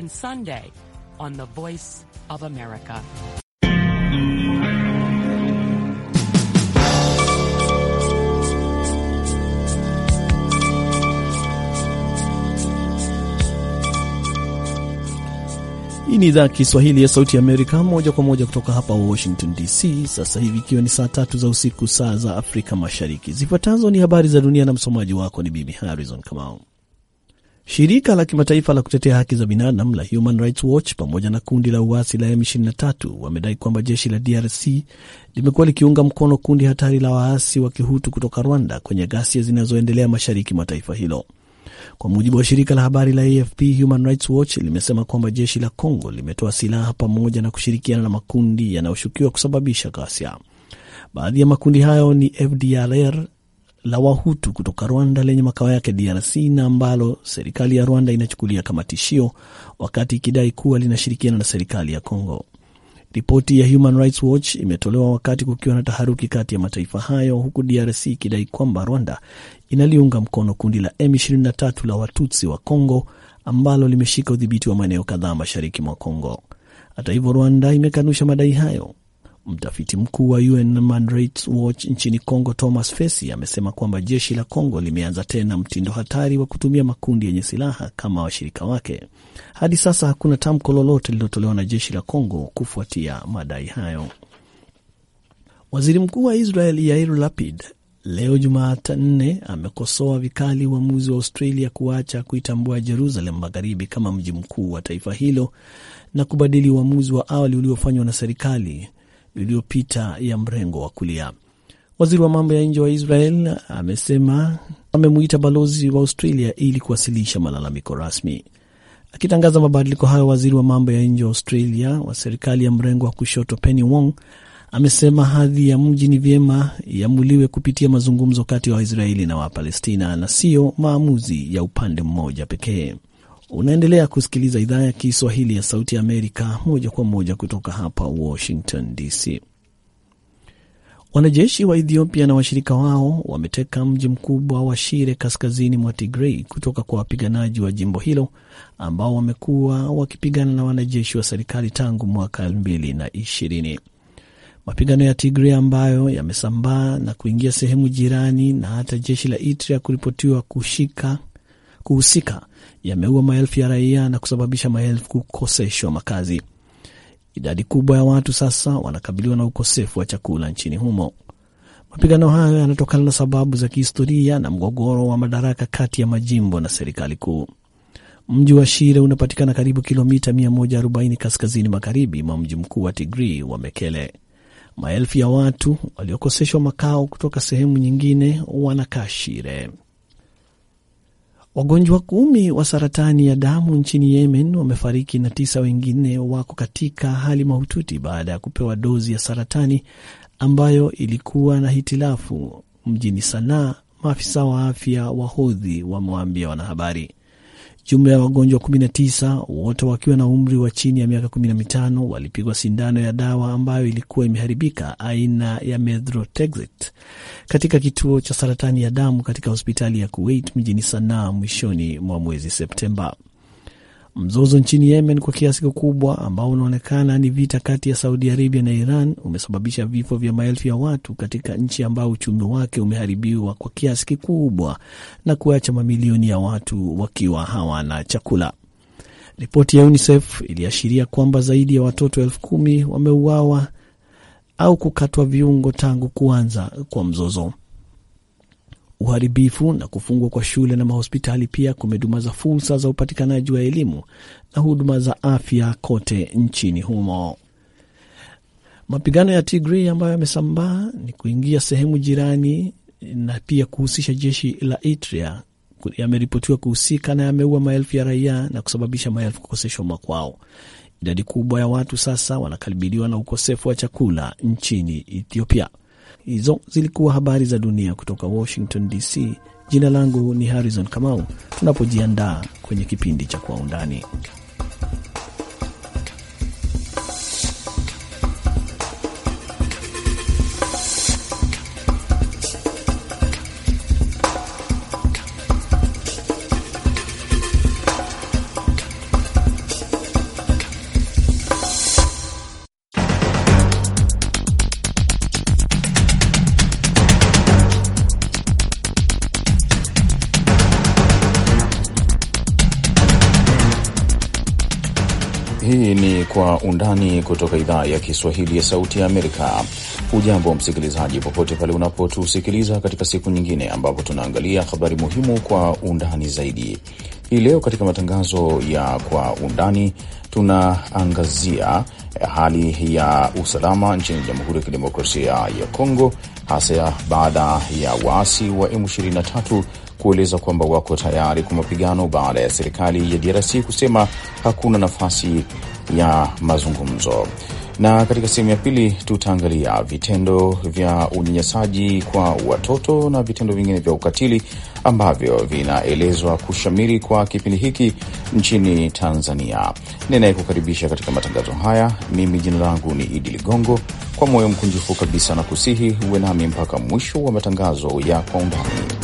And Sunday on the Voice of America. Hii ni idhaa ya Kiswahili ya Sauti ya Amerika moja kwa moja kutoka hapa Washington DC, sasa hivi ikiwa ni saa tatu za usiku saa za Afrika Mashariki. Zifuatazo ni habari za dunia na msomaji wako ni Bibi Harrison Kamau. Shirika la kimataifa la kutetea haki za binadamu la Human Rights Watch pamoja na kundi la uasi la M23 wamedai kwamba jeshi la DRC limekuwa likiunga mkono kundi hatari la waasi wa kihutu kutoka Rwanda kwenye ghasia zinazoendelea mashariki mwa taifa hilo. Kwa mujibu wa shirika la habari la AFP, Human Rights Watch limesema kwamba jeshi la Congo limetoa silaha pamoja na kushirikiana na makundi yanayoshukiwa kusababisha ghasia. Baadhi ya makundi hayo ni FDLR, la Wahutu kutoka Rwanda lenye makao yake DRC na ambalo serikali ya Rwanda inachukulia kama tishio, wakati ikidai kuwa linashirikiana na serikali ya Congo. Ripoti ya Human Rights Watch imetolewa wakati kukiwa na taharuki kati ya mataifa hayo, huku DRC ikidai kwamba Rwanda inaliunga mkono kundi la M23 la Watutsi wa Congo ambalo limeshika udhibiti wa maeneo kadhaa mashariki mwa Congo. Hata hivyo, Rwanda imekanusha madai hayo. Mtafiti mkuu wa UN Human Rights Watch nchini Congo, Thomas Fesi, amesema kwamba jeshi la Congo limeanza tena mtindo hatari wa kutumia makundi yenye silaha kama washirika wake. Hadi sasa hakuna tamko lolote lililotolewa na jeshi la Congo kufuatia madai hayo. Waziri mkuu wa Israel Yair Lapid leo jumatanne amekosoa vikali uamuzi wa Australia kuacha kuitambua Jerusalem magharibi kama mji mkuu wa taifa hilo na kubadili uamuzi wa awali uliofanywa na serikali iliyopita ya mrengo wa kulia. Waziri wa mambo ya nje wa Israel amesema amemuita balozi wa Australia ili kuwasilisha malalamiko rasmi. Akitangaza mabadiliko hayo, waziri wa mambo ya nje wa Australia wa serikali ya mrengo wa kushoto Penny Wong amesema hadhi ya mji ni vyema iamuliwe kupitia mazungumzo kati ya wa Waisraeli na Wapalestina na siyo maamuzi ya upande mmoja pekee. Unaendelea kusikiliza idhaa ya Kiswahili ya Sauti ya Amerika moja kwa moja kutoka hapa Washington DC. Wanajeshi wa Ethiopia na washirika wao wameteka mji mkubwa wa Shire kaskazini mwa Tigrei kutoka kwa wapiganaji wa jimbo hilo ambao wamekuwa wakipigana na wanajeshi wa serikali tangu mwaka elfu mbili na ishirini. Mapigano ya Tigrei ambayo yamesambaa na kuingia sehemu jirani na hata jeshi la Eritrea kuripotiwa kushika kuhusika yameua maelfu ya raia na kusababisha maelfu kukoseshwa makazi. Idadi kubwa ya watu sasa wanakabiliwa na ukosefu wa chakula nchini humo. Mapigano hayo yanatokana na sababu za kihistoria na mgogoro wa madaraka kati ya majimbo na serikali kuu. Mji wa Shire unapatikana karibu kilomita 140 kaskazini magharibi mwa mji mkuu wa tigri wa Mekele. Maelfu ya watu waliokoseshwa makao kutoka sehemu nyingine wanakaa Shire. Wagonjwa kumi wa saratani ya damu nchini Yemen wamefariki na tisa wengine wako katika hali mahututi baada ya kupewa dozi ya saratani ambayo ilikuwa na hitilafu mjini Sanaa, maafisa wa afya wa Hodhi wamewaambia wanahabari. Jumla ya wagonjwa 19 wote wakiwa na umri wa chini ya miaka 15 walipigwa sindano ya dawa ambayo ilikuwa imeharibika aina ya methotrexate katika kituo cha saratani ya damu katika hospitali ya Kuwait mjini Sanaa mwishoni mwa mwezi Septemba. Mzozo nchini Yemen kwa kiasi kikubwa ambao unaonekana ni vita kati ya Saudi Arabia na Iran umesababisha vifo vya maelfu ya watu katika nchi ambao uchumi wake umeharibiwa kwa kiasi kikubwa na kuacha mamilioni ya watu wakiwa hawana chakula. Ripoti ya UNICEF iliashiria kwamba zaidi ya watoto elfu kumi wameuawa au kukatwa viungo tangu kuanza kwa mzozo uharibifu na kufungwa kwa shule na mahospitali pia kumedumaza fursa za upatikanaji wa elimu na huduma za afya kote nchini humo. Mapigano ya Tigray ambayo yamesambaa ni kuingia sehemu jirani na pia kuhusisha jeshi la Eritrea yameripotiwa kuhusika na yameua maelfu ya raia na kusababisha maelfu kukoseshwa makwao. Idadi kubwa ya watu sasa wanakabiliwa na ukosefu wa chakula nchini Ethiopia. Hizo zilikuwa habari za dunia kutoka Washington DC. Jina langu ni Harrison Kamau, tunapojiandaa kwenye kipindi cha Kwa Undani. Kwa Undani kutoka idhaa ya Kiswahili ya Sauti ya Amerika. Hujambo msikilizaji, popote pale unapotusikiliza katika siku nyingine ambapo tunaangalia habari muhimu kwa undani zaidi. Hii leo katika matangazo ya Kwa Undani tunaangazia hali ya usalama nchini Jamhuri ya Kidemokrasia ya Kongo, hasa baada ya waasi wa M23 kueleza kwamba wako tayari kwa mapigano baada ya serikali ya DRC kusema hakuna nafasi ya mazungumzo. Na katika sehemu ya pili tutaangalia vitendo vya unyanyasaji kwa watoto na vitendo vingine vya ukatili ambavyo vinaelezwa kushamiri kwa kipindi hiki nchini Tanzania. Ninayekukaribisha katika matangazo haya mimi, jina langu ni Idi Ligongo. Kwa moyo mkunjufu kabisa na kusihi uwe nami mpaka mwisho wa matangazo ya Kwa Undani.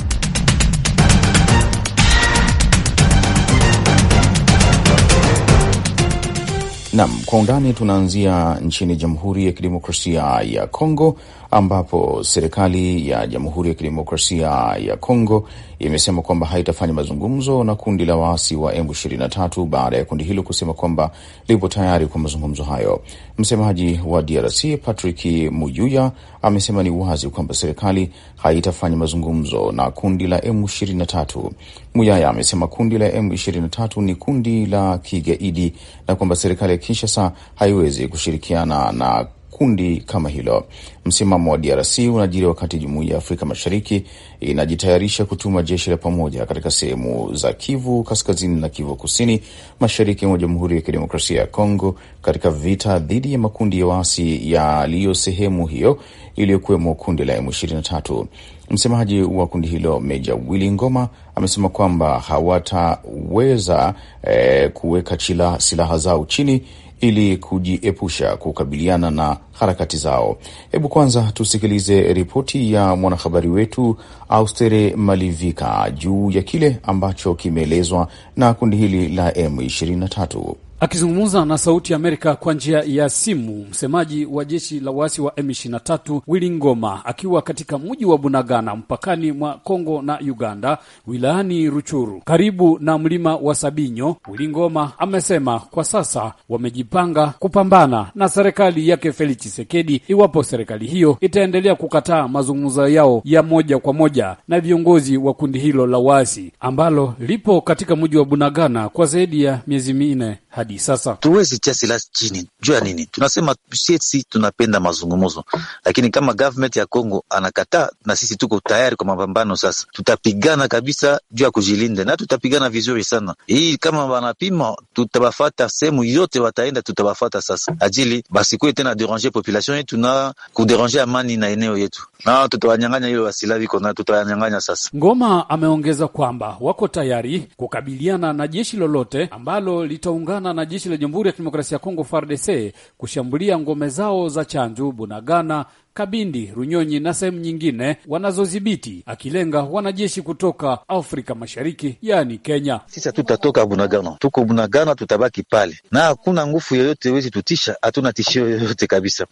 Nam kwa undani, tunaanzia nchini Jamhuri ya Kidemokrasia ya Kongo ambapo serikali ya Jamhuri ya Kidemokrasia ya Kongo imesema kwamba haitafanya mazungumzo na kundi la waasi wa M23 baada ya kundi hilo kusema kwamba lipo tayari kwa mazungumzo hayo. Msemaji wa DRC Patrick Muyuya amesema ni wazi kwamba serikali haitafanya mazungumzo na kundi la M23. Muyaya amesema kundi la M23 ni kundi la kigaidi na kwamba serikali ya Kinshasa haiwezi kushirikiana na kundi kama hilo. Msimamo wa DRC unajiri wakati jumuiya ya Afrika Mashariki inajitayarisha kutuma jeshi la pamoja katika sehemu za Kivu Kaskazini na Kivu Kusini, mashariki mwa Jamhuri ya Kidemokrasia ya Kongo, katika vita dhidi ya makundi ya waasi yaliyo sehemu hiyo, iliyokuwemo kundi la M23. Msemaji wa kundi hilo Meja Willy Ngoma amesema kwamba hawataweza eh, kuweka silaha zao chini ili kujiepusha kukabiliana na harakati zao. Hebu kwanza tusikilize ripoti ya mwanahabari wetu Austere Malivika juu ya kile ambacho kimeelezwa na kundi hili la M23. Akizungumza na Sauti ya Amerika kwa njia ya simu, msemaji wa jeshi la waasi wa M23 Willy Ngoma akiwa katika mji wa Bunagana mpakani mwa Kongo na Uganda, wilayani Ruchuru karibu na mlima wa Sabinyo, Willy Ngoma amesema kwa sasa wamejipanga kupambana na serikali yake Felix Tshisekedi iwapo serikali hiyo itaendelea kukataa mazungumzo yao ya moja kwa moja na viongozi wa kundi hilo la waasi ambalo lipo katika mji wa Bunagana kwa zaidi ya miezi minne hadi sasa. Tuwezi tia silaha chini juu ya nini? Tunasema sisi tunapenda mazungumzo, lakini kama government ya Kongo anakataa, na sisi tuko tayari kwa mapambano. Sasa tutapigana kabisa juu ya kujilinda, na tutapigana vizuri sana. Hii kama wanapima, tutabafata sehemu yote wataenda, tutabafata sasa, ajili basikuwe tena deranger population yetu na kuderange amani na eneo yetu, na tutawanyang'anya hiyo silaha viko na tutawanyang'anya sasa. Ngoma ameongeza kwamba wako tayari kukabiliana na jeshi lolote ambalo litaungana kupambana na jeshi la Jamhuri ya Kidemokrasia ya Kongo FARDC kushambulia ngome zao za Chanju, Bunagana Kabindi, Runyonyi na sehemu nyingine wanazodhibiti, akilenga wanajeshi kutoka Afrika Mashariki, yaani Kenya. Sisi hatutatoka Bunagana, tuko Bunagana, tutabaki pale na hakuna nguvu yoyote wezi tutisha, hatuna tishio yoyote kabisa.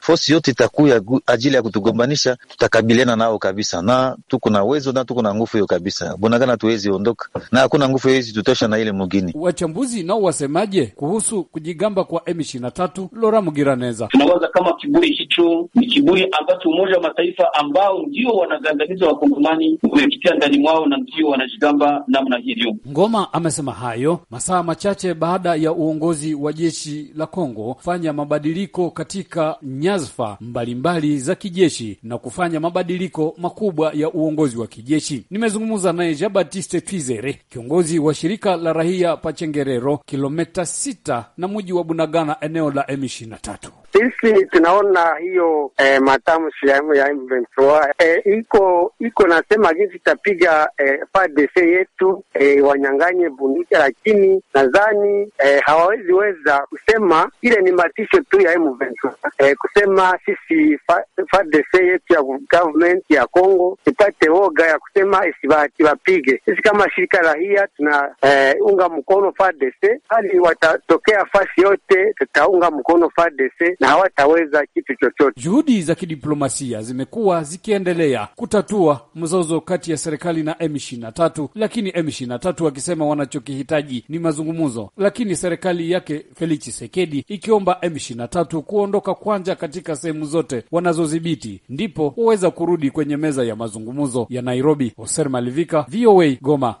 Fosi yote itakuya ajili ya kutugombanisha, tutakabiliana nao kabisa, na tuko na uwezo na tuko na nguvu hiyo kabisa. Bunagana tuwezi ondoka na hakuna nguvu yoyote tutosha na ile mugini. Wachambuzi nao wasemaje kuhusu kujigamba kwa M23? Lora Mugiraneza, tunawaza kama kiburi hicho ni kiburi Jamhuri ambacho Umoja wa Mataifa ambao ndio wanagandamiza wakongomani umepitia ndani mwao na ndio wanajigamba namna hivyo. Ngoma amesema hayo masaa machache baada ya uongozi wa jeshi la Kongo kufanya mabadiliko katika nyadhifa mbalimbali za kijeshi na kufanya mabadiliko makubwa ya uongozi wa kijeshi. Nimezungumza naye Jean Baptiste Twizere, kiongozi wa shirika la rahia Pachengerero, kilometa sita na mji wa Bunagana, eneo la M23. Sisi tunaona hiyo eh, matamshi ya ya eh, iko iko nasema jinsi itapiga eh, FARDC yetu eh, wanyanganye bunduki, lakini nadhani eh, hawawezi weza kusema ile ni matisho tu ya M23 eh, kusema sisi FARDC yetu ya government ya Congo tupate woga ya kusema wapige Sisi kama shirika rahia tuna eh, unga mkono FARDC, hali watatokea fasi yote tutaunga mkono FARDC na hawataweza kitu chochote. Juhudi za kidiplomasia zimekuwa zikiendelea kutatua mzozo kati ya serikali na M23, lakini M23 wakisema wanachokihitaji ni mazungumzo, lakini serikali yake Felix Tshisekedi ikiomba M23 kuondoka kwanja katika sehemu zote wanazodhibiti, ndipo waweza kurudi kwenye meza ya mazungumzo ya Nairobi. Hoser Malivika, VOA, Goma.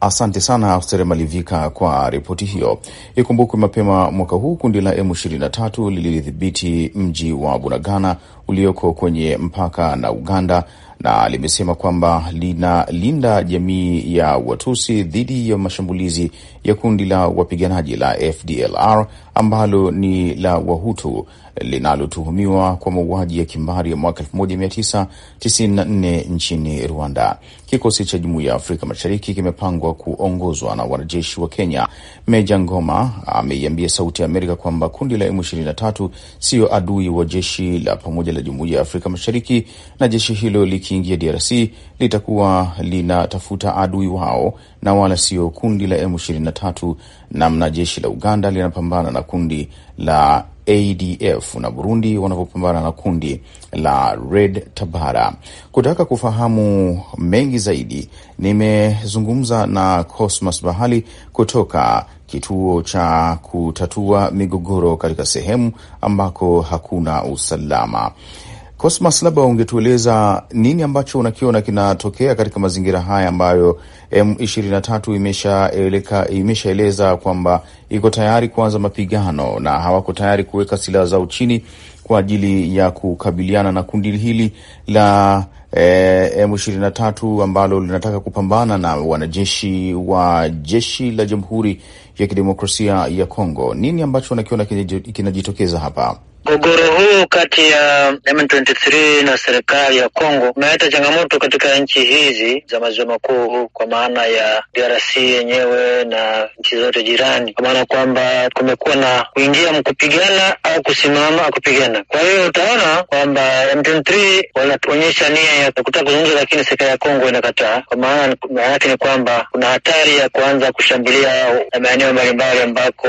Asante sana Austere Malivika kwa ripoti hiyo. Ikumbukwe mapema mwaka huu kundi la M23 lilidhibiti mji wa Bunagana ulioko kwenye mpaka na Uganda na limesema kwamba linalinda jamii ya Watusi dhidi ya mashambulizi ya kundi la wapiganaji la FDLR ambalo ni la Wahutu linalotuhumiwa kwa mauaji ya kimbari ya mwaka 1994 nchini Rwanda. Kikosi cha Jumuiya ya Afrika Mashariki kimepangwa kuongozwa na wanajeshi wa Kenya. Meja Ngoma ameiambia Sauti ya Amerika kwamba kundi la M23 siyo adui wa jeshi la pamoja la Jumuiya ya Afrika Mashariki, na jeshi hilo likiingia DRC litakuwa linatafuta adui wao na wala sio kundi la M23, namna jeshi la Uganda linapambana na kundi la ADF na Burundi wanavyopambana na kundi la Red Tabara. Kutaka kufahamu mengi zaidi, nimezungumza na Cosmas Bahali kutoka kituo cha kutatua migogoro katika sehemu ambako hakuna usalama. Cosmas, labda ungetueleza nini ambacho unakiona kinatokea katika mazingira haya ambayo M23 imeshaeleka imeshaeleza kwamba iko tayari kuanza mapigano na hawako tayari kuweka silaha zao chini kwa ajili ya kukabiliana na kundi hili la e, M23 ambalo linataka kupambana na wanajeshi wa jeshi la Jamhuri ya Kidemokrasia ya Kongo. Nini ambacho unakiona kinajitokeza hapa? Mgogoro huu kati ya M23 na serikali ya Kongo unaleta changamoto katika nchi hizi za maziwa makuu, kwa maana ya DRC yenyewe na nchi zote jirani, kwa maana kwamba kumekuwa na kuingia mkupigana au kusimama kupigana. Kwa hiyo utaona kwamba M23 wanaonyesha nia ya kutaka kuzungumza, lakini serikali ya Kongo inakataa. Kwa maana yake ni kwamba kuna hatari ya kuanza kushambulia maeneo mbalimbali ambako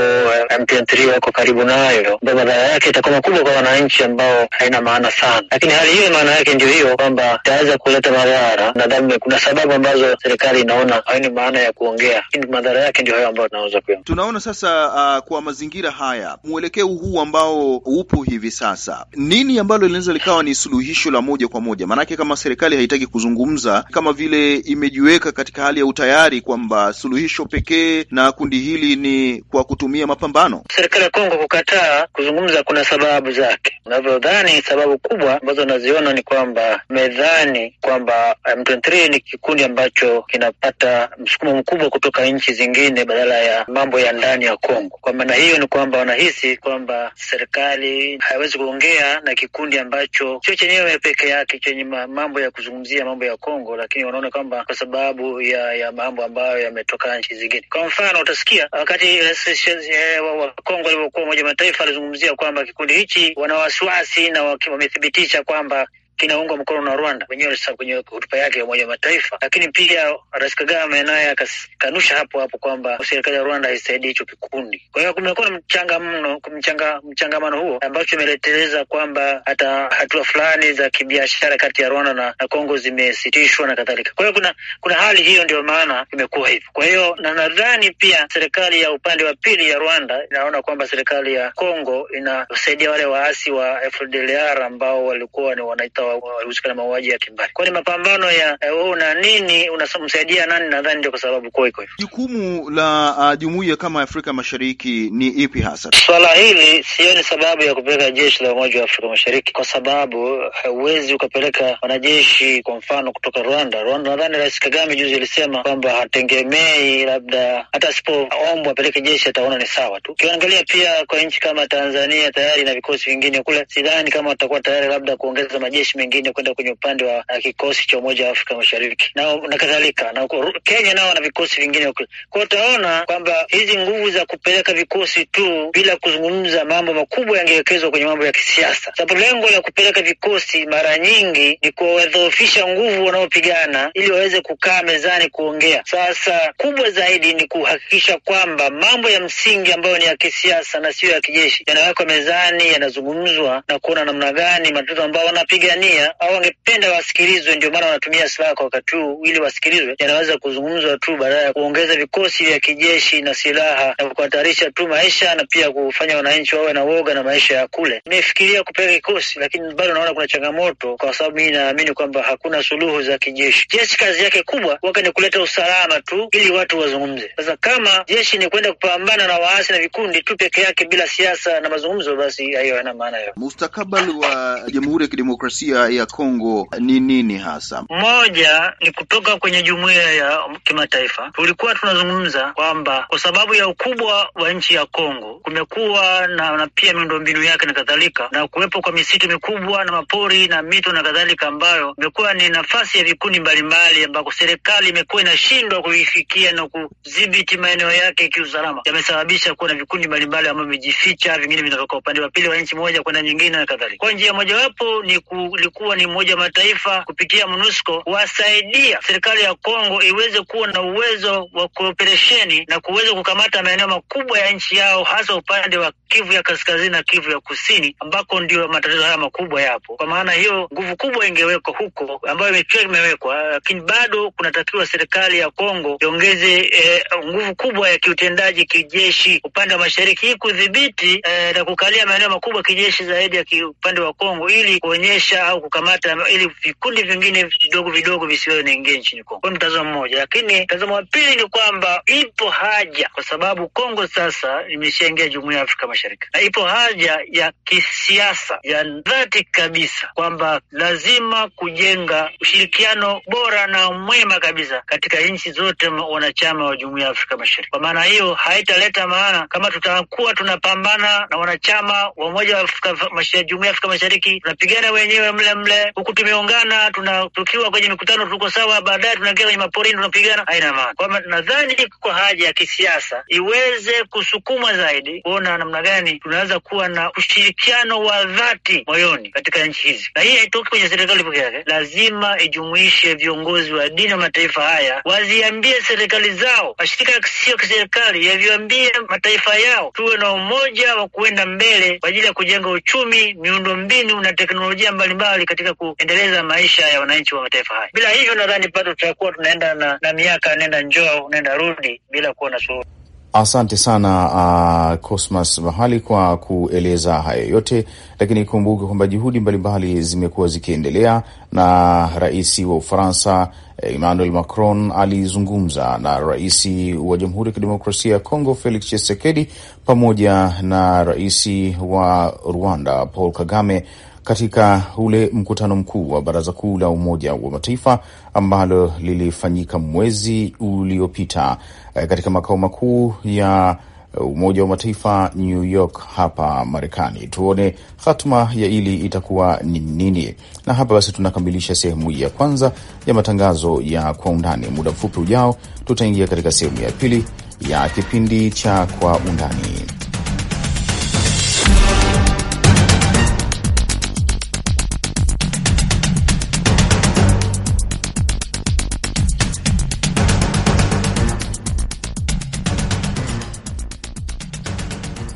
M23 wako karibu nayo, ndio madhara yake itakuwa kubwa kwa wananchi ambao haina maana sana, lakini hali hiyo maana yake ndio hiyo kwamba itaweza kuleta madhara. Nadhani kuna sababu ambazo serikali inaona haina maana ya kuongea, lakini madhara yake ndio hayo ambayo tunaweza kuona. Tunaona sasa, uh, kwa mazingira haya, mwelekeo huu ambao upo hivi sasa, nini ambalo linaweza likawa ni suluhisho la moja kwa moja? Maanake kama serikali haitaki kuzungumza, kama vile imejiweka katika hali ya utayari kwamba suluhisho pekee na kundi hili ni kwa kutumia mapambano. Serikali ya Kongo kukataa kuzungumza kuna sababu sababu zake. Unavyodhani sababu kubwa ambazo naziona ni kwamba umedhani kwamba um, M23 ni kikundi ambacho kinapata msukumo mkubwa kutoka nchi zingine badala ya mambo ya ndani ya Kongo. Kwa maana hiyo ni kwamba wanahisi kwamba serikali haiwezi kuongea na kikundi ambacho sio chenyewe peke yake chenye mambo ya kuzungumzia mambo ya Kongo, lakini wanaona kwamba kwa sababu ya, ya mambo ambayo yametoka nchi zingine. Kwa mfano utasikia wakati e wakongo wa Kongo Umoja Mataifa alizungumzia kwamba kikundi hichi wana wasiwasi na wamethibitisha kwamba kinaungwa mkono na Rwanda wenyewe kwenye hotuba yake ya Umoja wa Mataifa. Lakini pia Rais Kagame naye akakanusha hapo hapo kwamba serikali ya Rwanda haisaidii hicho kikundi. Kwa hiyo kumekuwa na mchangamano mchanga, mchangamano huo ambacho imeleteleza kwamba hata hatua fulani za kibiashara kati ya Rwanda na, na Kongo zimesitishwa na kadhalika. Kwa hiyo kuna kuna hali hiyo, ndio maana imekuwa hivyo. Kwa hiyo na nadhani pia serikali ya upande wa pili ya Rwanda inaona kwamba serikali ya Kongo inasaidia wale waasi wa FDLR ambao walikuwa ni wanaita walihusika na mauaji ya kimbari. Kwani mapambano ya eh, wewe una nini, unamsaidia nani? Nadhani ndio kwa sababu kuwa iko hivyo. Jukumu la uh, jumuiya kama Afrika Mashariki ni ipi hasa? Swala hili sioni sababu ya kupeleka jeshi la Umoja wa Afrika Mashariki kwa sababu eh, huwezi ukapeleka wanajeshi kwa mfano kutoka Rwanda. Rwanda nadhani Rais Kagame juzi alisema kwamba hategemei labda hata asipoombwa apeleke jeshi ataona ni sawa tu. Ukiangalia pia kwa nchi kama Tanzania tayari na vikosi vingine kule, sidhani kama watakuwa tayari labda kuongeza majeshi mengine kwenda kwenye upande wa uh, kikosi cha Umoja wa Afrika Mashariki na, na kadhalika na Kenya nao wana vikosi vingine kwao. Utaona kwamba hizi nguvu za kupeleka vikosi tu bila kuzungumza mambo makubwa yangewekezwa kwenye mambo ya kisiasa, sababu lengo la kupeleka vikosi mara nyingi ni kuwadhoofisha nguvu wanaopigana ili waweze kukaa mezani kuongea. Sasa kubwa zaidi ni kuhakikisha kwamba mambo ya msingi ambayo ni ya kisiasa na siyo ya kijeshi yanawekwa mezani, yanazungumzwa na kuona namna gani matatizo ambao wanapigania wanatumia au wangependa wasikilizwe, ndio maana wanatumia silaha kwa wakati huu ili wasikilizwe, yanaweza kuzungumzwa tu badala ya kuongeza vikosi vya kijeshi na silaha na kuhatarisha tu maisha na pia kufanya wananchi wawe na woga na maisha ya kule. Nimefikiria kupeleka kikosi, lakini bado naona kuna changamoto, kwa sababu mimi naamini kwamba hakuna suluhu za kijeshi. Jeshi kazi yake kubwa wake ni kuleta usalama tu ili watu wazungumze. Sasa kama jeshi ni kwenda kupambana na waasi na vikundi tu peke yake bila siasa na mazungumzo, basi hayo hayana maana. Mustakabali wa Jamhuri ya Kidemokrasia jumuiya ya Kongo ni nini hasa? Moja ni kutoka kwenye jumuiya ya kimataifa, tulikuwa tunazungumza kwamba kwa sababu ya ukubwa wa nchi ya Kongo kumekuwa na, na pia miundombinu yake na kadhalika, na kuwepo kwa misitu mikubwa na mapori na mito na kadhalika, ambayo imekuwa ni nafasi ya vikundi mbalimbali, ambako serikali imekuwa inashindwa kuifikia na kudhibiti maeneo yake kiusalama, yamesababisha kuwa na vikundi mbalimbali ambavyo vimejificha, vingine vinatoka upande wa pili wa nchi moja kwenda nyingine na kadhalika. Kwa njia mojawapo ni ku, ulikuwa ni Umoja wa Mataifa kupitia MONUSCO wasaidia serikali ya Kongo iweze kuwa na uwezo wa kuoperesheni na kuweza kukamata maeneo makubwa ya nchi yao, hasa upande wa Kivu ya kaskazini na Kivu ya kusini, ambako ndio matatizo haya makubwa yapo. Kwa maana hiyo, nguvu kubwa ingewekwa huko ambayo imekiwa imewekwa, lakini bado kunatakiwa serikali ya Kongo iongeze eh, nguvu kubwa ya kiutendaji kijeshi upande wa mashariki hii kudhibiti eh, na kukalia maeneo makubwa kijeshi zaidi ya upande wa Kongo ili kuonyesha au kukamata ili vikundi vingine vidogo vidogo visiwe naingia nchini Kongo. Huyo mtazamo mmoja, lakini mtazamo wa pili ni kwamba ipo haja, kwa sababu Kongo sasa imeshaingia jumuiya ya Afrika Mashariki, na ipo haja ya kisiasa ya dhati kabisa kwamba lazima kujenga ushirikiano bora na mwema kabisa katika nchi zote wanachama wa jumuiya ya Afrika Mashariki. Kwa maana hiyo haitaleta maana kama tutakuwa tunapambana na wanachama wa umoja wa Afrika Mashariki, jumuiya ya Afrika Mashariki tunapigana wenyewe mle mle, huku tumeungana, tuna tukiwa kwenye mikutano tuko sawa, baadaye tunaingia kwenye maporini tunapigana, haina maana. maana nadhani kwa haja ya kisiasa iweze kusukuma zaidi kuona namna gani tunaweza kuwa na ushirikiano wa dhati moyoni katika nchi hizi, na hii haitoki kwenye serikali peke yake, lazima ijumuishe viongozi wa dini wa mataifa haya, waziambie serikali zao, mashirika yasiyo kiserikali yaviambie mataifa yao, tuwe na umoja wa kuenda mbele kwa ajili ya kujenga uchumi, miundo mbinu na teknolojia mbalimbali serikali katika kuendeleza maisha ya wananchi wa mataifa haya. Bila hivyo, nadhani bado tutakuwa tunaenda na, na miaka nenda njoo unaenda rudi bila kuwa na suluhu. Asante sana uh, Cosmas uh, Mahali kwa kueleza haya yote, lakini kumbuke kwamba juhudi mbalimbali zimekuwa zikiendelea, na rais wa Ufaransa eh, Emmanuel Macron alizungumza na rais wa Jamhuri ya Kidemokrasia ya Kongo Felix Tshisekedi pamoja na rais wa Rwanda Paul Kagame katika ule mkutano mkuu wa Baraza Kuu la Umoja wa Mataifa ambalo lilifanyika mwezi uliopita eh, katika makao makuu ya eh, Umoja wa Mataifa New York hapa Marekani. Tuone hatma ya ili itakuwa ni nini. Na hapa basi tunakamilisha sehemu ya kwanza ya matangazo ya Kwa Undani. Muda mfupi ujao, tutaingia katika sehemu ya pili ya kipindi cha Kwa Undani.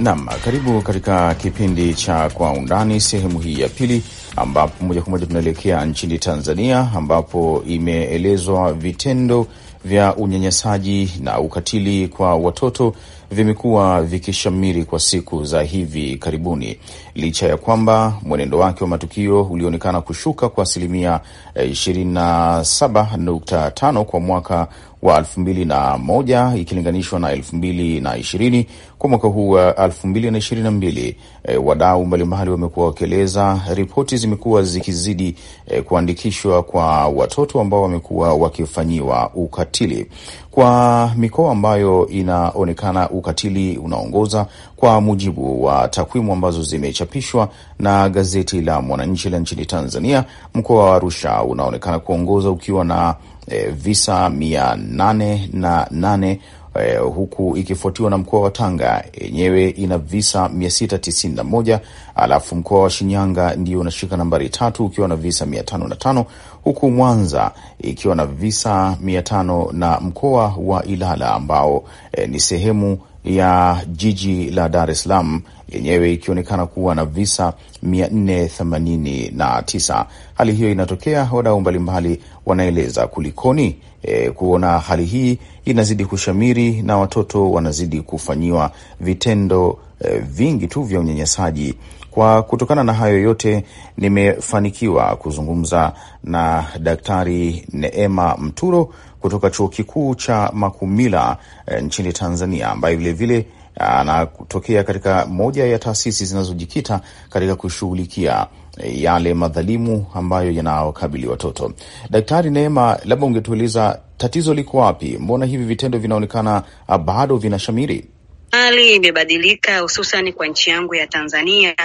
Nam, karibu katika kipindi cha Kwa Undani sehemu hii ya pili, ambapo moja kwa moja tunaelekea nchini Tanzania, ambapo imeelezwa vitendo vya unyanyasaji na ukatili kwa watoto vimekuwa vikishamiri kwa siku za hivi karibuni, licha ya kwamba mwenendo wake wa matukio ulionekana kushuka kwa asilimia 27.5 kwa mwaka wa elfu mbili na moja ikilinganishwa na elfu mbili na ishirini kwa mwaka huu wa elfu mbili na ishirini na mbili e, wadau mbalimbali wamekuwa wakieleza, ripoti zimekuwa zikizidi e, kuandikishwa kwa watoto ambao wamekuwa wakifanyiwa ukatili kwa mikoa ambayo inaonekana ukatili unaongoza kwa mujibu wa takwimu ambazo zimechapishwa na gazeti la Mwananchi la nchini Tanzania, mkoa wa Arusha unaonekana kuongoza ukiwa na e, visa mia nane na nane e, huku ikifuatiwa na mkoa wa Tanga yenyewe ina visa mia sita tisini na moja alafu mkoa wa Shinyanga ndio unashika nambari tatu ukiwa na visa mia tano na tano huku Mwanza ikiwa na visa mia tano na mkoa wa Ilala ambao e, ni sehemu ya jiji la Dar es Salaam yenyewe ikionekana kuwa na visa 489. Hali hiyo inatokea wadau mbalimbali wanaeleza kulikoni e, kuona hali hii inazidi kushamiri na watoto wanazidi kufanyiwa vitendo e, vingi tu vya unyanyasaji. Kwa kutokana na hayo yote, nimefanikiwa kuzungumza na Daktari Neema Mturo kutoka Chuo Kikuu cha Makumila e, nchini Tanzania, ambaye vilevile anatokea katika moja ya taasisi zinazojikita katika kushughulikia yale madhalimu ambayo yanawakabili watoto. Daktari Neema, labda ungetueleza tatizo liko wapi? Mbona hivi vitendo vinaonekana ah, bado vinashamiri? hali imebadilika, hususan kwa nchi yangu ya Tanzania.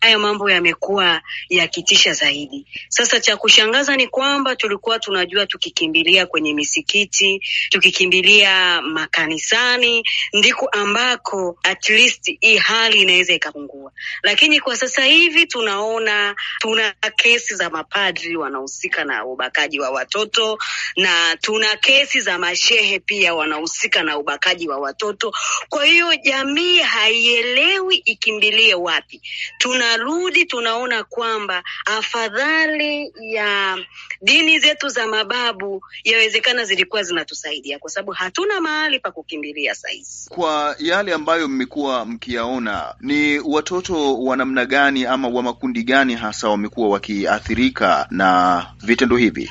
Haya mambo yamekuwa yakitisha zaidi. Sasa cha kushangaza ni kwamba tulikuwa tunajua tukikimbilia kwenye misikiti, tukikimbilia makanisani, ndiko ambako at least hii hali inaweza ikapungua, lakini kwa sasa hivi tunaona tuna kesi za mapadri wanahusika na ubakaji wa watoto na tuna kesi za mashehe pia wanahusika na ubakaji wa watoto, kwa hiyo jamii haielewi ikimbilie wapi. Tunarudi tunaona kwamba afadhali ya dini zetu za mababu yawezekana zilikuwa zinatusaidia, kwa sababu hatuna mahali pa kukimbilia saizi. Kwa yale ambayo mmekuwa mkiyaona, ni watoto wa namna gani ama wa makundi gani hasa wamekuwa wakiathirika na vitendo hivi?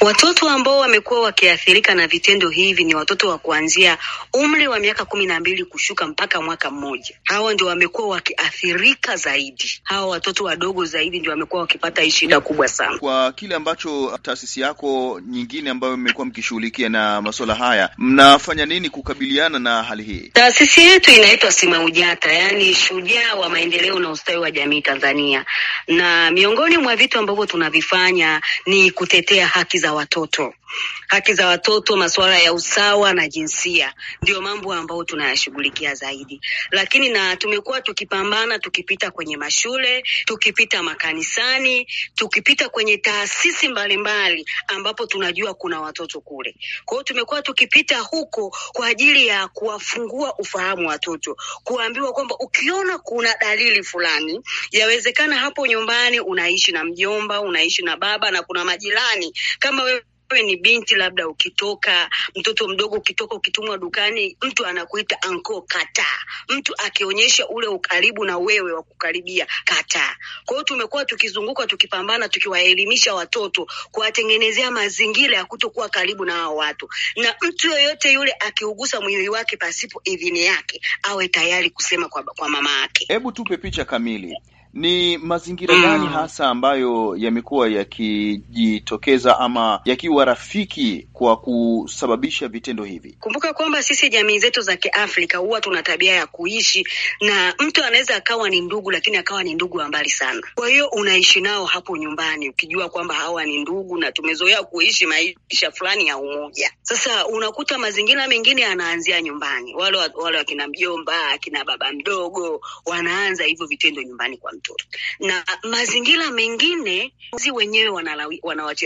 Watoto ambao wamekuwa wakiathirika na vitendo hivi ni watoto wa kuanzia umri wa miaka kumi na mbili kushuka mpaka mwaka mmoja. Hawa ndio wamekuwa wakiathirika zaidi. Hawa watoto wadogo zaidi ndio wamekuwa wakipata hii shida kubwa sana. Kwa kile ambacho taasisi yako nyingine ambayo mmekuwa mkishughulikia na masuala haya, mnafanya nini kukabiliana na hali hii? Taasisi yetu inaitwa SIMAUJATA, yaani Shujaa wa Maendeleo na Ustawi wa Jamii Tanzania, na miongoni mwa vitu ambavyo tunavifanya ni kutetea haki za za watoto, haki za watoto, masuala ya usawa na jinsia, ndio mambo ambayo tunayashughulikia zaidi. Lakini na tumekuwa tukipambana, tukipita kwenye mashule, tukipita makanisani, tukipita kwenye taasisi mbalimbali ambapo tunajua kuna watoto kule. Kwa hiyo tumekuwa tukipita huko kwa ajili ya kuwafungua ufahamu watoto, kuambiwa kwamba ukiona kuna dalili fulani, yawezekana hapo nyumbani unaishi na mjomba, unaishi na baba na kuna majirani kama kama wewe wewe ni binti labda, ukitoka mtoto mdogo, ukitoka ukitumwa dukani, mtu anakuita anko, kataa. Mtu akionyesha ule ukaribu na wewe wa kukaribia, kataa. Kwa hiyo tumekuwa tukizunguka, tukipambana, tukiwaelimisha watoto, kuwatengenezea mazingira ya kutokuwa karibu na hao watu, na mtu yoyote yule akiugusa mwili wake pasipo idhini yake, awe tayari kusema kwa, kwa mama yake. Hebu tupe picha kamili ni mazingira mm. gani hasa ambayo yamekuwa yakijitokeza ama yakiwa rafiki kwa kusababisha vitendo hivi? Kumbuka kwamba sisi jamii zetu za Kiafrika huwa tuna tabia ya kuishi na mtu, anaweza akawa ni ndugu, lakini akawa ni ndugu wa mbali sana. Kwa hiyo unaishi nao hapo nyumbani ukijua kwamba hawa ni ndugu na tumezoea kuishi maisha fulani ya umoja. Sasa unakuta mazingira mengine yanaanzia nyumbani, wale wale wakina mjomba, akina baba mdogo, wanaanza hivyo vitendo nyumbani kwa mtu watoto, na mazingira mengine wenyewe wanatembea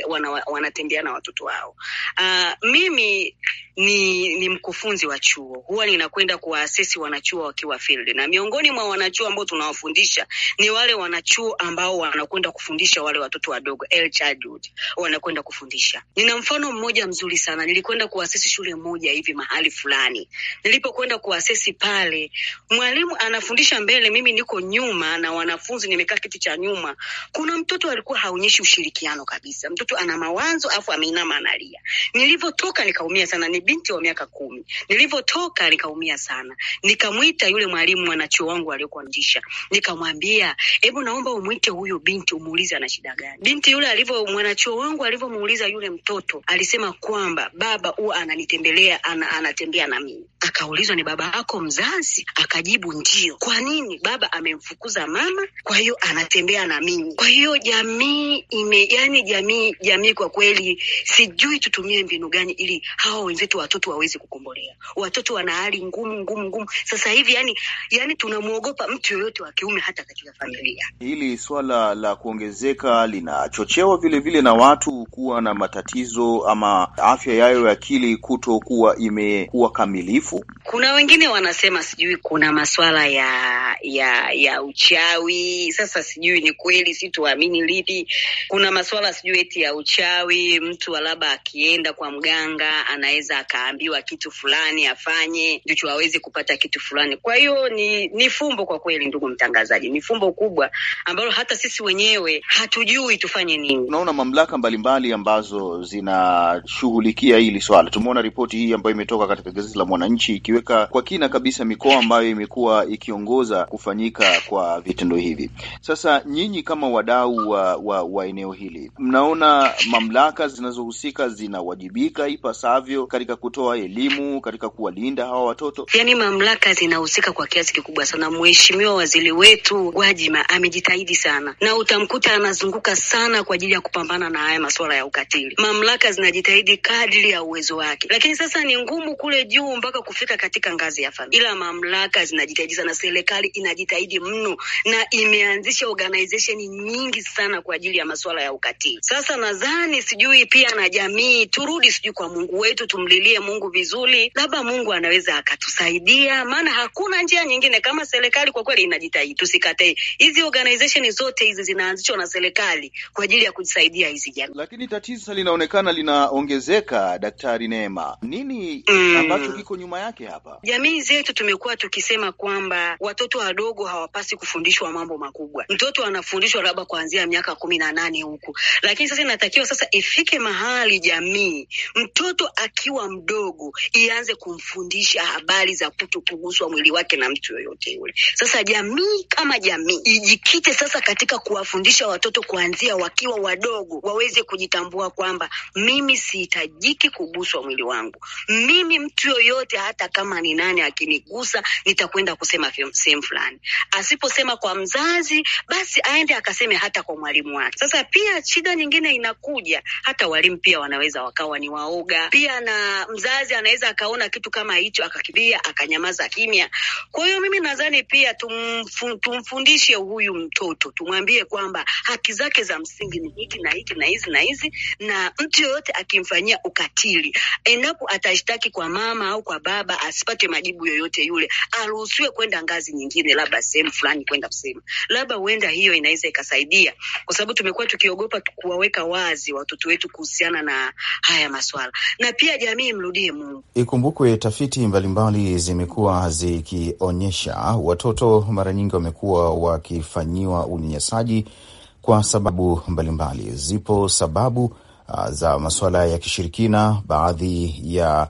wana, wana, wana na watoto wao. Uh, mimi ni, ni mkufunzi wa chuo, huwa ninakwenda kuwaasesi wanachuo wakiwa field, na miongoni mwa wanachuo ambao tunawafundisha ni wale wanachuo ambao wanakwenda kufundisha wale watoto wadogo early childhood, wanakwenda kufundisha. Nina mfano mmoja mzuri sana, nilikwenda kuasesi shule moja hivi mahali fulani. Nilipokwenda kuasesi pale, mwalimu anafundisha mbele, mimi niko nyuma na wanafunzi nimekaa kiti cha nyuma. Kuna mtoto alikuwa haonyeshi ushirikiano kabisa, mtoto ana mawazo afu ameinama analia. Nilivyotoka nikaumia sana ni binti wa miaka kumi. Nilivyotoka nikaumia sana, nikamwita yule mwalimu mwanachuo wangu aliyokuandisha nikamwambia hebu naomba umwite huyu binti umuulize ana shida gani. Binti yule alivyo, mwanachuo wangu alivyomuuliza yule mtoto, alisema kwamba baba huwa ananitembelea ana, anatembea na mimi. Akaulizwa ni baba yako mzazi? Akajibu ndio. Kwa nini? Baba amemfukuza mama, kwa hiyo anatembea na mimi. Kwa hiyo jamii ime, yani jamii jamii, kwa kweli sijui tutumie mbinu gani ili hawa wenzetu wetu watoto wawezi kukombolea, watoto wana hali ngumu ngumu ngumu sasa hivi, yani yani tunamwogopa mtu yoyote wa kiume hata katika familia. Hili swala la kuongezeka linachochewa vilevile na watu kuwa na matatizo ama afya yayo ya akili kutokuwa imekuwa kamilifu. Kuna wengine wanasema sijui kuna maswala ya ya ya uchawi. Sasa sijui ni kweli, si tuamini lipi? Kuna maswala sijui eti ya uchawi, mtu labda akienda kwa mganga anaweza akaambiwa kitu fulani afanye ndicho aweze kupata kitu fulani. Kwa hiyo ni, ni fumbo kwa kweli, ndugu mtangazaji, ni fumbo kubwa ambalo hata sisi wenyewe hatujui tufanye nini. Tunaona mamlaka mbalimbali mbali ambazo zinashughulikia hili swala. Tumeona ripoti hii ambayo imetoka katika gazeti la Mwananchi ikiweka kwa kina kabisa mikoa ambayo imekuwa ikiongoza kufanyika kwa vitendo hivi. Sasa nyinyi kama wadau wa, wa, wa eneo hili mnaona mamlaka zinazohusika zinawajibika ipasavyo katika katika kutoa elimu, katika kuwalinda hawa watoto? Yani mamlaka zinahusika kwa kiasi kikubwa sana. Mheshimiwa waziri wetu Gwajima amejitahidi sana, na utamkuta anazunguka sana kwa ajili ya kupambana na haya masuala ya ukatili. Mamlaka zinajitahidi kadri ya uwezo wake, lakini sasa ni ngumu kule juu mpaka kufika katika ngazi ya familia, ila mamlaka zinajitahidi sana. Serikali inajitahidi mno na imeanzisha organization nyingi sana kwa ajili ya masuala ya ukatili. Sasa nadhani sijui pia na jamii turudi, sijui kwa Mungu wetu tumli tumlilie Mungu vizuri, labda Mungu anaweza akatusaidia, maana hakuna njia nyingine. Kama serikali kwa kweli inajitahidi, tusikatei. hizi organization zote hizi zinaanzishwa na serikali kwa ajili ya kujisaidia hizi jamii, lakini tatizo linaonekana linaongezeka. Daktari Neema, nini mm, ambacho kiko nyuma yake hapa? Jamii zetu tumekuwa tukisema kwamba watoto wadogo hawapasi kufundishwa mambo makubwa. Mtoto anafundishwa labda kuanzia miaka kumi na nane huku, lakini sasa inatakiwa sasa ifike mahali jamii mtoto akiwa mdogo ianze kumfundisha habari za kuguswa mwili wake na mtu yoyote yule. Sasa jamii kama jamii ijikite sasa katika kuwafundisha watoto kuanzia wakiwa wadogo, waweze kujitambua kwamba mimi sihitajiki kuguswa mwili wangu, mimi mtu yoyote hata kama ni nani akinigusa nitakwenda kusema sehemu fulani. Asiposema kwa mzazi, basi aende akaseme hata kwa mwalimu wake. Sasa pia shida nyingine inakuja, hata walimu pia wanaweza wakawa ni waoga pia na mzazi anaweza akaona kitu kama hicho akakibia akanyamaza kimya. Kwa hiyo mimi nadhani pia tumfu, tumfundishe huyu mtoto, tumwambie kwamba haki zake za msingi ni hiki na hiki na hizi na hizi, na mtu yoyote akimfanyia ukatili, endapo atashtaki kwa mama au kwa baba, asipate majibu yoyote yule, aruhusiwe kwenda ngazi nyingine, labda sehemu fulani kwenda kusema, labda huenda hiyo inaweza ikasaidia, kwa sababu tumekuwa tukiogopa kuwaweka wazi watoto wetu kuhusiana na haya maswala, na pia jamii mrudie Mungu. Ikumbukwe tafiti mbalimbali zimekuwa zikionyesha watoto mara nyingi wamekuwa wakifanyiwa unyanyasaji kwa sababu mbalimbali mbali. Zipo sababu uh, za masuala ya kishirikina. Baadhi ya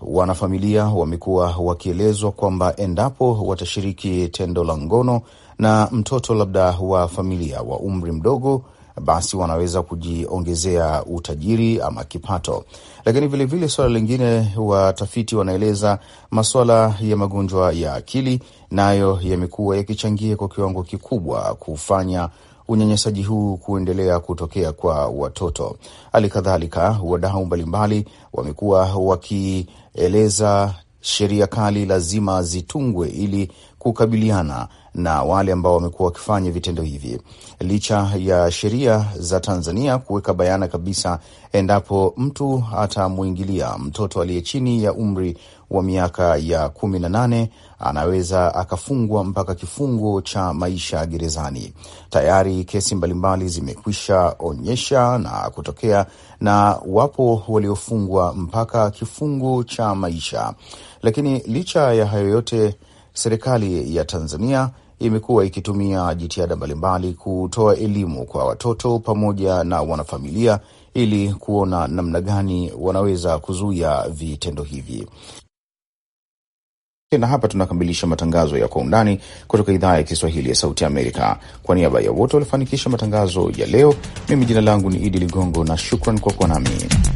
wanafamilia wamekuwa wakielezwa kwamba endapo watashiriki tendo la ngono na mtoto labda wa familia wa umri mdogo basi wanaweza kujiongezea utajiri ama kipato. Lakini vilevile suala lingine, watafiti wanaeleza masuala ya magonjwa ya akili nayo yamekuwa yakichangia kwa kiwango kikubwa kufanya unyanyasaji huu kuendelea kutokea kwa watoto. Hali kadhalika, wadau mbalimbali wamekuwa wakieleza sheria kali lazima zitungwe ili kukabiliana na wale ambao wamekuwa wakifanya vitendo hivi, licha ya sheria za Tanzania kuweka bayana kabisa endapo mtu atamwingilia mtoto aliye chini ya umri wa miaka ya kumi na nane anaweza akafungwa mpaka kifungo cha maisha gerezani. Tayari kesi mbalimbali zimekwisha onyesha na kutokea, na wapo waliofungwa mpaka kifungo cha maisha. Lakini licha ya hayo yote, serikali ya Tanzania imekuwa ikitumia jitihada mbalimbali kutoa elimu kwa watoto pamoja na wanafamilia ili kuona namna gani wanaweza kuzuia vitendo hivi. Na hapa tunakamilisha matangazo ya Kwa Undani kutoka idhaa ya Kiswahili ya Sauti ya Amerika. Kwa niaba ya wote waliofanikisha matangazo ya leo, mimi jina langu ni Idi Ligongo na shukran kwa kuwa nami.